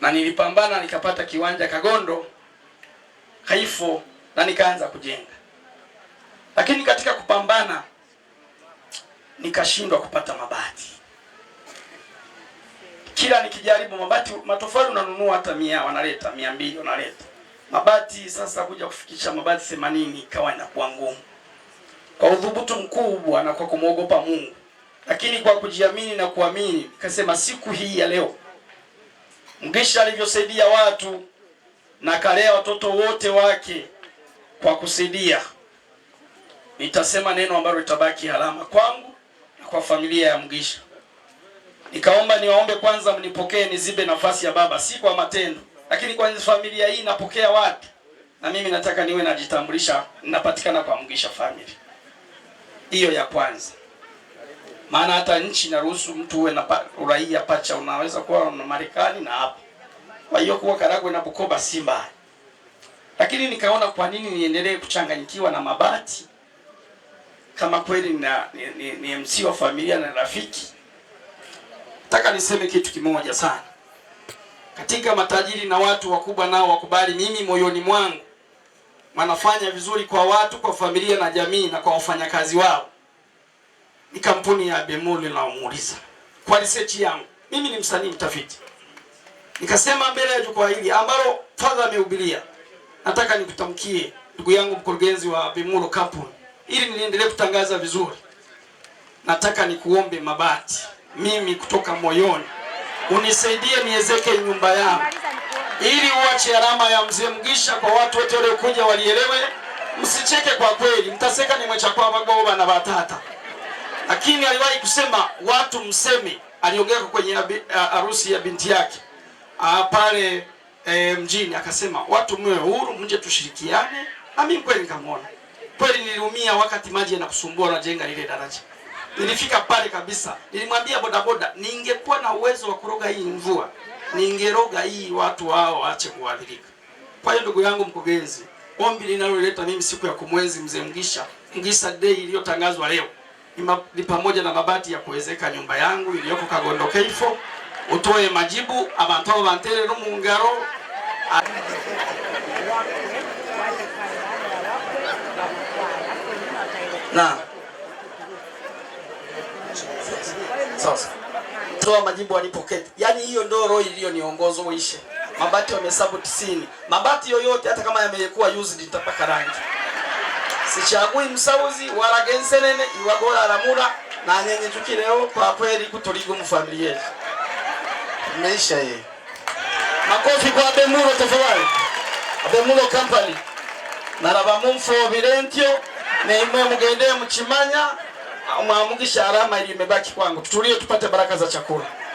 na nilipambana nikapata kiwanja Kagondo Kaifo na nikaanza kujenga, lakini katika kupambana nikashindwa kupata mabati. Kila nikijaribu mabati, matofali unanunua hata mia, wanaleta mia mbili, wanaleta mabati. Sasa kuja kufikisha mabati themanini ikawa inakuwa ngumu, kwa udhubutu mkubwa na kwa kumwogopa Mungu, lakini kwa kujiamini na kuamini, nikasema siku hii ya leo Mgisha alivyosaidia watu na kalea watoto wote wake kwa kusaidia. Nitasema neno ambalo litabaki alama kwangu na kwa familia ya Mgisha. Nikaomba niwaombe kwanza, mnipokee nizibe nafasi ya baba, si kwa matendo, lakini kwa familia hii napokea watu, na mimi nataka niwe najitambulisha, ninapatikana kwa Mgisha family. Hiyo ya kwanza maana hata nchi inaruhusu mtu uwe na uraia pacha, unaweza kuwa na Marekani na hapa. Kwa hiyo kuwa Karagwe na Bukoba si mbaya, lakini nikaona kwa nini niendelee kuchanganyikiwa na mabati kama kweli ni, ni, ni MC wa familia na rafiki. Nataka niseme kitu kimoja sana katika matajiri na watu wakubwa, nao wakubali mimi moyoni mwangu wanafanya vizuri kwa watu, kwa familia na jamii na kwa wafanyakazi wao ni kampuni ya Bemoli na umuuliza kwa research yangu, mimi ni msanii mtafiti, nikasema mbele ya jukwaa hili ambalo fadha amehubiria, nataka nikutamkie ndugu yangu mkurugenzi wa Bemolo Kampuni, ili niendelee kutangaza vizuri, nataka nikuombe mabati mimi kutoka moyoni unisaidie niwezeke nyumba yangu, ili uache alama ya mzee Mgisha kwa watu wote waliokuja walielewe. Msicheke kwa kweli, mtaseka ni magoba na batata lakini aliwahi kusema watu msemi aliongea kwenye harusi ya binti yake pale e, mjini, akasema watu mwe huru, mje tushirikiane. Na mimi kweli nikamwona kweli, niliumia wakati maji yanakusumbua na jenga lile daraja. Nilifika pale kabisa, nilimwambia bodaboda, ningekuwa na uwezo wa kuroga hii mvua ningeroga hii, watu wao waache kuadhirika. Kwa hiyo ndugu yangu mkurugenzi, ombi linaloleta mimi siku ya kumwenzi mzee Mgisha Mgisa Day iliyotangazwa leo ni pamoja na mabati ya kuwezeka nyumba yangu iliyoko Kagondo Keifo utoe majibu abantu abo bantere no mungaro na sasa toa majibu alipoketi yani hiyo ndio roho iliyoniongoza uishe. Mabati wamesabu 90 Mabati yoyote hata kama yamekuwa used itapaka rangi sichagui msauzi wala gensenene iwagora aramura na nyenye tuki leo kwa kweli kutuligo mfamilia yetu maisha ye makofi kwa Bemulo tafadhali Bemulo company naraba mumfobire ne neimwe mugende mchimanya mwamugisha alama ili imebaki kwangu tutulie tupate baraka za chakula